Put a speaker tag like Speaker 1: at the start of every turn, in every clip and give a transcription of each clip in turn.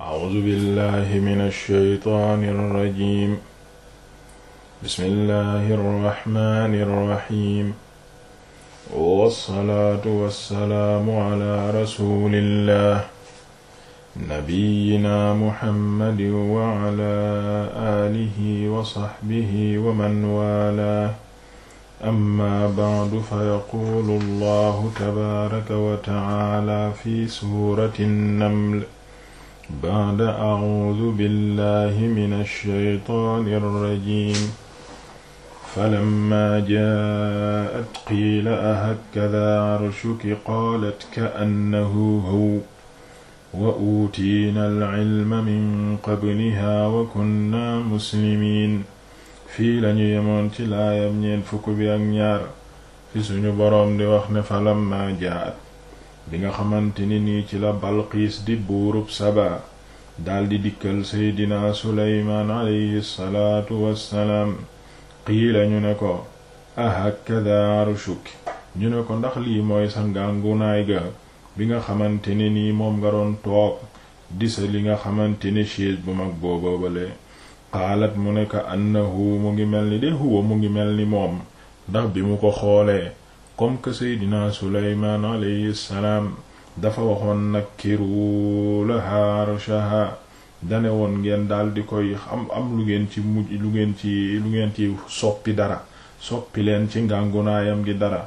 Speaker 1: A'uuzu billahi mina shaytaani rajiim. Bismillahi rahmaani rahiim. Wassalaatu wassalaamu ala rasuulillah. Nabiyyina Muhammadin wa ala aalihi wa sahbihi wa man waalaahu. Amma ba'du fayaquulu Allahu tabaaraka wa ta'aala fi suurati Naml. baada acuudu billahi min alshaytaani alrajim falamma jaat qiila ahakada carshuki qaalat kaannahu huwa wa uutiina alcilma min qabliha wa kunna muslimiin fii lañu yemoon ci laayam ñeent fukk bi ak ñaar fi suñu boroom di wax ne falamma jaat bi nga xamante ni nii ci la balqiis di buurub saba daldi dikkal seydina suleymaan alayhi salaatu wassalaam qiila ñu ne ko ahakada arshuk ñu ne ko ndax lii mooy sa ngàngunaay ga bi nga xamante ni nii moom nga doon toog di sa li nga xamante ni chaise bu mag booboobale qaalat mu ne ka annahu mu ngi mel ni de huwa mu ngi mel ni moom ndax bi mu ko xoolee comme que seydina suleymaan alayhi salaam dafa waxoon nakkiru laha arshaha dane woon ngeen daal di koy am am lu ngeen ci mujj lu ngeen ci lu ngeen ci soppi dara soppi leen ci ngàngunaayam gi dara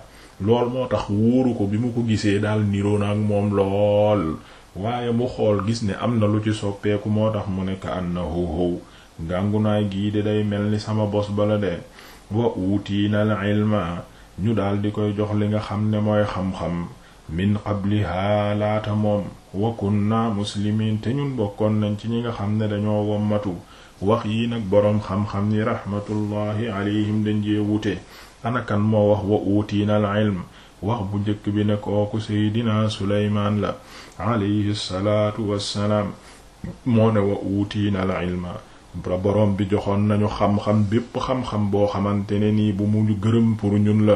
Speaker 1: lool moo tax wóoru ko bi mu ko gisee daal niroon ak moom lool waaye mu xool gis ne am na lu ci soppeeku moo tax mu nekk annahu how ngàngunaay gii de day mel ni sama bos bala de wa utiina al ilma ñu daal di koy jox li nga xam ne mooy xam-xam min qablihaa laata moom wa kunna muslimiin te ñun bokkoon nañ ci ñi nga xam ne dañoo wommatu wax yi nag boroom xam-xam ni rahmatullahi dañ jee wute anakan moo wax wa uutiina al ilm wax bu njëkk bi ne kooku seydina suleymaan la alayhi salaatu wassalaam moo ne wa uutiina al ilma borom bi joxoon nañu xam-xam bépp xam-xam boo xamante ne nii bu mu gërëm pour ñun la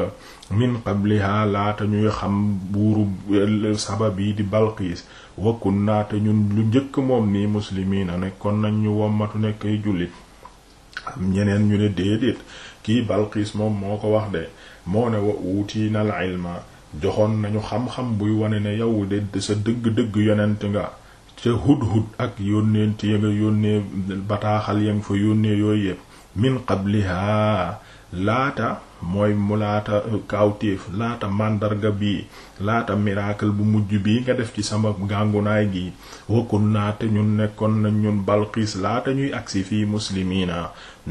Speaker 1: min qabliha laata ñuy xam buuru euh, sabab yi di balqiis wakkun naata ñun lu njëkk moom nii muslimiina nekkoon nañ ñu wommatu nekk ay jullit am ñeneen ñu ne déedéet kii balqiis moom moo ko wax de moo ne wa uutiinal ilma joxoon nañu xam-xam buy wane ne yow de sa dëgg-dëgg yonent nga ca hudhud ak yónneent ya nga yónnee bataaxal ya nga fa yónnee yooyu yëpp min qabliha laata mooy mu laata euh, kawtéef laata màndarga bi laata miracle bu mujj bi nga def ci sama gàngunaay gi wakkun naa te ñun nekkoon nañ ñun balxiis laata ñuy agsi fii muslimiina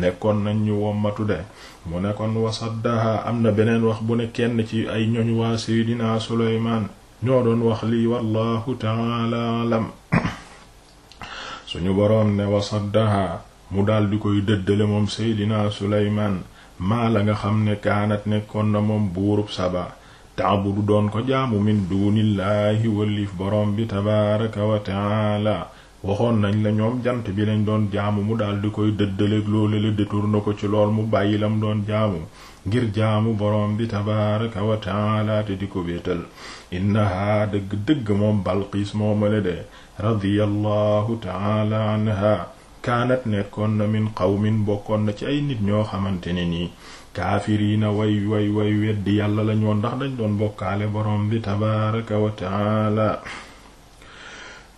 Speaker 1: nekkoon nañ ñu womatu de mu nekkoon wasaddaha am na beneen wax bu ne kenn ci ay ñoñ waa seydinaa suleymaan ñoo doon wax lii wallahu taala alam suñu boroom ne wasaddaha mu daldi koy dëddale moom seydinaa Sulaymaan maa la nga xam ne kaanat nekkoon na moom buurub saba taabudu doon ko jaamu min duunillaahi wëllif boroom bi tabaaraka wa waxoon nañ la ñoom jant bi lañ doon jaamu mu dal di koy dëddaleeg loolu la détourné ko ci lool mu bàyyi lam doon jaamu ngir jaamu boroom bi tabaraka wa taala te di ko wéetal innaha dëgg-dëgg moom balqiis moomale de radiyallahu taala anha kaanat nekkoon na min qawmin bokkoon na ci ay nit ñoo xamante ne nii kaafiriina way way way weddi yàlla lañ woon ndax dañ doon bokkaale boroom bi tabaraka wa taala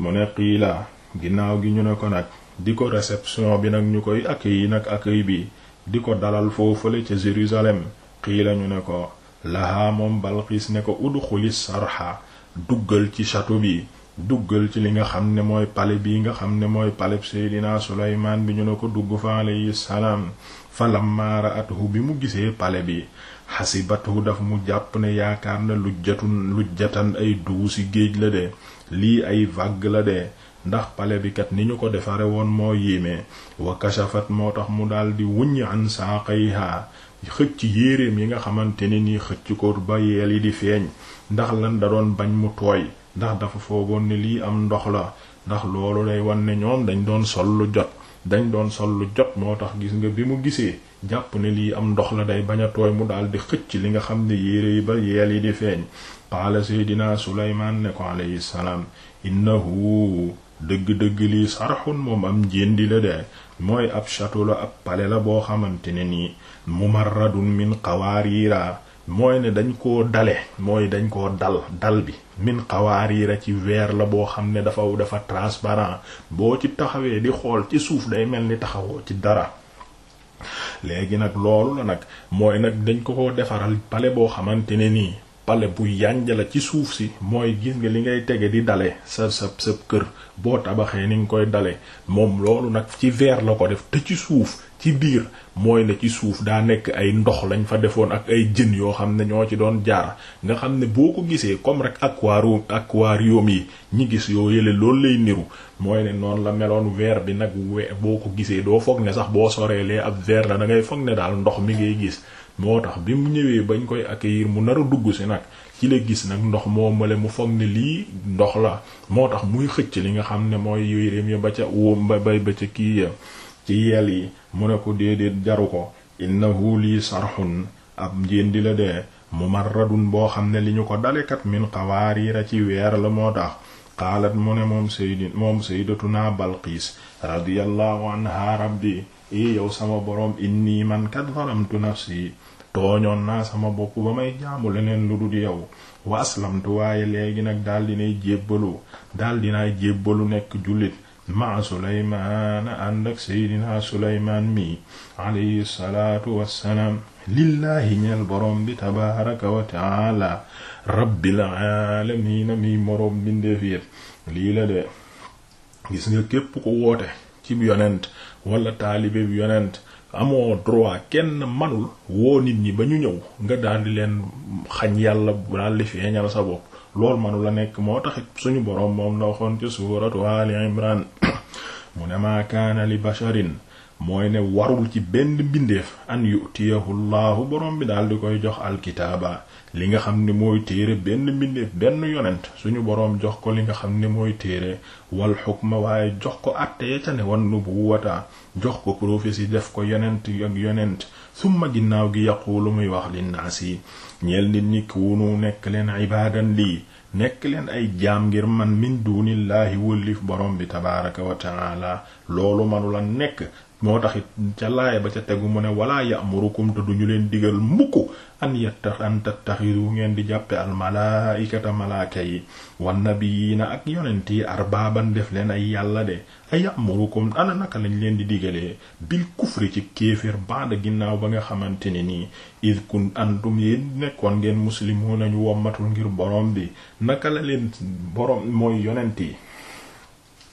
Speaker 1: mu ne qiila ginnaaw gi ñu ne ko nag di ko réception bi nag ñu koy yi nag accueil bi di ko dalal foofale ca Jérusalem xiila ñu ne ko lahaa moom Balqiis ne ko udxuli sarxa duggal ci château bi duggal ci li nga xam ne mooy pale bi nga xam ne mooy pale paleb Seydina Sulaymaan bi ñu ne ko dugg fa alayhi salaam fa lammaa ra'athu bi mu gisee pale bi xasibatu daf mu jàpp ne yaakaar na lu lujjatan ay duusi géej la de lii ay vague la de ndax pale bi kat ni ñu ko defare woon moo yéemee wa kashafat moo tax mu daldi wuññ an saaqayha xëcc yéeréem yi nga xamante ne nii xëcc ko ba yeel yi di feeñ ndax lan da doon bañ mu tooy ndax dafa foogoon ne lii am ndox la ndax loolu day wan ne ñoom dañ doon sol lu jot dañ doon sol lu jot moo tax gis nga bi mu gisee jàpp ne lii am ndox la day bañ a tooy mu daal di xëcc li nga xam ne yére yi ba yeel yi di feeñ qaala seydina suleymaan ne ko alayhi salaam innahu dëgg-dëgg lii sarxun moom am njéndi de mooy ab château la ab pale la boo xamante ne nii mumarradun min qawaariira mooy ne dañ koo dale mooy dañ koo dal dal bi min qawaariira ci weer la boo xam ne dafa dafa transparent boo ci taxawee di xool ci suuf day mel ni taxawoo ci dara léegi nag loolu la nag mooy nag dañ ko ko defaral pale boo xamante ne nii pale bu yànj la ci suuf si mooy gis nga li ngay tege di dale sa sa sa kër boo tabaxee ni nga koy dale moom loolu nag ci verre la ko def te ci suuf ci biir mooy la ci suuf daa nekk ay ndox lañ fa defoon ak ay jën yoo xam ne ñoo ci doon jaar nga xam ne boo ko gisee comme rek aquarium aquarium yi ñi gis yoo yële loolu lay niru mooy ne noonu la meloon verre bi nag we boo ko gisee doo foog ne sax boo soree lee ab veer la da ngay foog ne daal ndox mi ngay gis moo tax bi mu ñëwee bañ koy accueillir mu nar a dugg si nag ci la gis nag ndox moo male mu foog ne lii ndox la moo tax muy xëcc li nga xam ne mooy yéreem ya ba ca wóom ba bay ba ca kii ya ci yel yi mu ne ko déedéet jaru ko innahu lii sarxun ab di la dee mumarradun boo xam ne li ñu ko dalekat min xawaariira ci weer la moo tax qaalat mu ne moom saydi moom saydatuna balqiis radiyallahu anha rabbi i yow sama boroom inni man kat zalamtu nafsi tooñoon naa sama bopp ba may jaamu leneen lu dul yow wa aslamtu waaye léegi nag daal dinay jébbalu daal dinaay nekk jullit maa suleymaan ànd ak suleymaan mi alayhi salaatu wassalaam lillaahi ñeel boroom bi tabaaraka wa taala rabbil aalamiina mi moroom bindeef lii la de gis nga képp ko woote ci yonent wala taalibe bi amoo droit kenn manul woo nit ñi ba ñu ñëw nga daal leen xañ yàlla daal di feeñal sa bopp loolu manu la nekk moo tax suñu boroom moom la waxoon ci suuratu Ali Imran mu ne maa kaana li mooy ne warul ci benn mbindeef an yutiyahu borom bi daal di koy jox alkitaaba li nga xam ne mooy téere benn mbindeef benn yonent suñu boroom jox ko li nga xam ne mooy téere wal xukma waaye jox ko àtte ya ca ne wan nubuwata jox ko prophétie def ko yonent ak yonent suma ginnaaw gi yaqulu muy wax linnaas yi ñeel nit ñi kuunu nekk leen ibaadan lii nekk leen ay jaam ngir man min dunillahi wëllif borom bi tabaraka wa taala loolu manula nekk moo tax it ca laaya ba ca tegu mu ne wala ya'murukum te ñu leen digal mukk an yatta an tattaxidu ngeen di jàppe al malaa'ikata malaaka yi wan nabiyina ak yonent yi arbaaban def leen ay yàlla de ay ya'murukum ana naka lañ leen di digalee bil kufri ci kéeféer baada ginnaaw ba nga xamante ne nii id kun antum yéen nekkoon ngeen muslimu nañu wommatul ngir borom bi naka la leen borom mooy yonent yi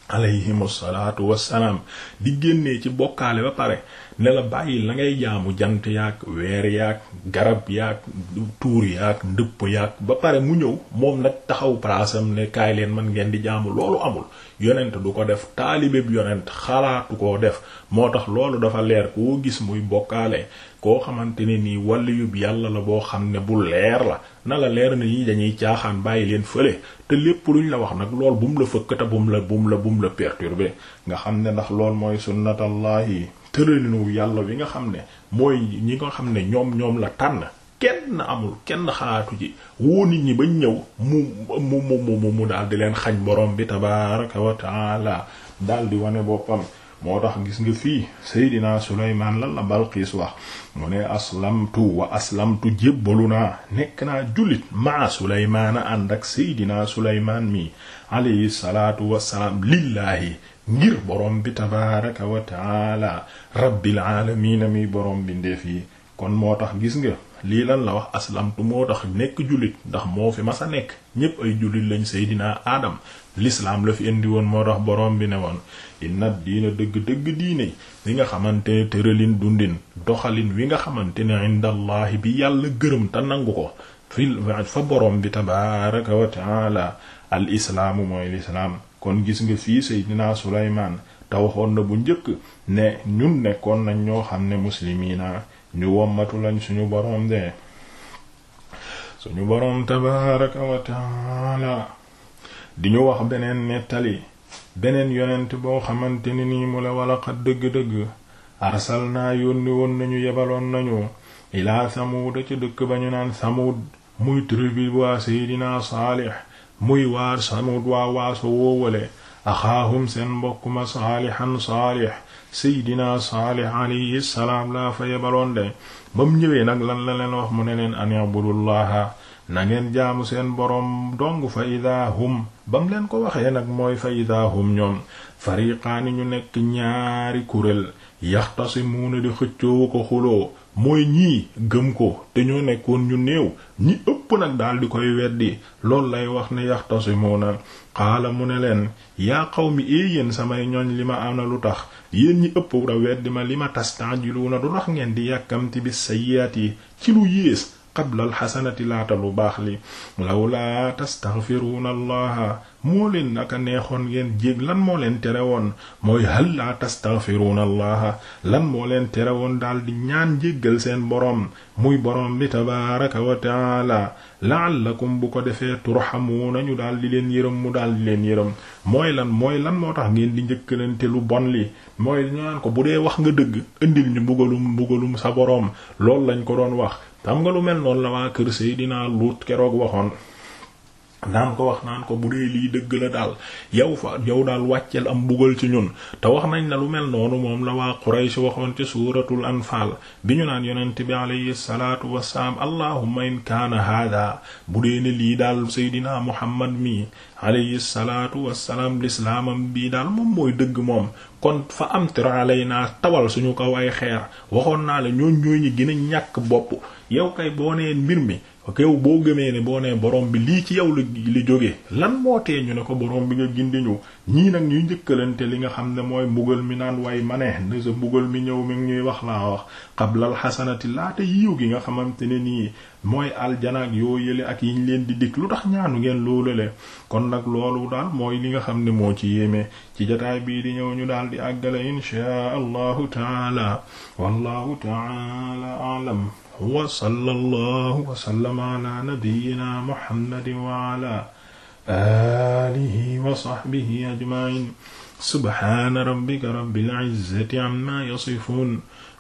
Speaker 1: alayhimu salaatu wassalaam di génnee ci bokkaale ba pare ne la bàyyi la ngay jaamu jant yaak weer yaak garab yaak tuur yaak ndëpp yaak ba pare mu ñëw moom nag taxaw palaasam nekkaay leen man ngeen di jaamu loolu amul yonent du ko def taalibe bi yonent xalaatu koo def moo tax loolu dafa leer koo gis muy bokkaale koo xamante ne nii wàllu bi yàlla la boo xam ne bu leer la na la leer na ñi dañuy caaxaan bàyyi leen fële te lépp luñ la wax nag lool bu mu la fëkk te bu la bu la bu mu la nga xam ne ndax lool mooy sunnatallahi tëralinu yàlla wi nga xam ne mooy ñi nga xam ne ñoom ñoom la tànn kenn amul kenn xaatu ji woo nit ñi bañ ñëw mu mu mu mu mu daal di leen xañ boroom bi tabaraka wa taala daal di wane boppam moo tax gis nga fii Seydina Sulaymaan lan la Balqiis wax mu ne aslamtu wa aslamtu jébbalu naa nekk naa jullit maa Sulaymaana ànd ak Seydina Sulaymaan mi alayhi salaatu wassalaam lillaahi ngir borom bi tabaaraka wa taala rabbil mi borom bi ndeef yi kon moo tax gis nga lii lan la wax aslamtu moo tax nekk jullit ndax moo fi sa nekk ñépp ay jullit lañ seydinaa aadam l'islam la fi indi woon moo tax borom bi ne woon inna diina dëgg-dëgg diine li nga xamante ne tëralin dundin doxalin wi nga xamante ne indallahi bi yàlla gërëm te nangu ko fi fa borom bi tabaraka wa taala al mooy l'islaam kon gis nga fii seydinaa Sulaymaan te waxoon na bu njëkk ne ñun nekkoon nañ ñoo xam ne muslimiina ñu wommatu lañ suñu boroom de suñu boroom tabaaraka di ñu wax beneen nettali beneen yonent boo xamante ni nii mu la wala xat dëgg-dëgg arsal naa yónni woon nañu yebaloon nañu ilaa samuuda ca dëkk ba ñu naan samuud muy tribu waa seydinaa saalix muy waa samuud waa waaso woowale axaahum seen mbokk ma saalix seydina saalih alayhi salaam laa fa yebaloon de ba mu ñëwee nag lan la leen wax mu ne leen an ibudullaha na ngeen jaamu seen boroom dong fa ida hum ba leen ko waxee nag mooy fa ida hum ñoom fariqaani ñu nekk ñaari kuréel yaxtasimuuna di xëccoo ko xuloo mooy ñii gëm ko te ñoo nekkoon ñu néew ñi ëpp nag daal di koy weddi loolu lay wax ne na xaala mu ne leen yaa qawmi ee eh yéen samay ñooñ li ma am na lu tax yéen ñi ëpp da weddi ma li ma tas tastanjiluuna du tax ngeen di yàkkamti bi sa sayyiati ci lu yées qabla alxasanati laata lu baax li lawlaa tastaghfiruuna allaha moo leen a neexoon ngeen jéeg lan moo leen tere woon mooy hal laa tastaghfiruuna allaha lan moo leen tere woon daal di ñaan jéggal seen boroom muy boroom bi tabaaraka wa taala la'allakum bu ko defee turhamuuna nañu daal di leen yërëm mu daal di leen yërëm mooy lan mooy lan moo tax ngeen di njëkkalante lu bon li mooy ñu ko bu dee wax nga dëgg indil ñu mbugalum mbugalum sa boroom loolu lañ ko doon wax xam nga lu mel noonu la waa kër Seydina Luut keroog waxoon naan ko wax naan ko bu dee lii dëgg la daal yow fa yow daal wàcceel am bugal ci ñun te wax nañ la lu mel noonu moom la waa Quraysh waxoon ci suuratul anfaal bi ñu naan yonent bi alayhi salaatu wassalaam allahumma in kaana haadaa bu dee ne lii daal seydinaa Muhammad mi alayhi salaatu wassalaam lislaamam bii daal moom mooy dëgg moom kon fa amtir alaynaa tawal suñu ko ay xeer waxoon naa la ñooñ ñooy ñi gën a ñàkk bopp yow kay boo nee mbir mi ok boo gëmee ne boo nee borom bi lii ci yow la li jógee lan moo tee ñu ne ko borom bi nga gindi ñu ñii nag ñuy njëkkalante li nga xam ne mooy mbugal mi naan way ma ne ne mbugal mi ñëw mi ngi ñuy wax laa wax xablal xasanati laata yiw gi nga xamante ne nii mooy aljana ak yoo ak yiñ leen di dikk lu tax ñaanu ngeen loolale kon nag loolu daal mooy li nga xam ne moo ci yéeme ci jataay bii di ñëw ñu daal di àggale inchaa allahu taala wallahu taala aalam wa sallallahu wa sallama ala nabiyyina muhammadin wa ala alihi wa sahbihi ajma'in subhana rabbika rabbil izzati amma yasifun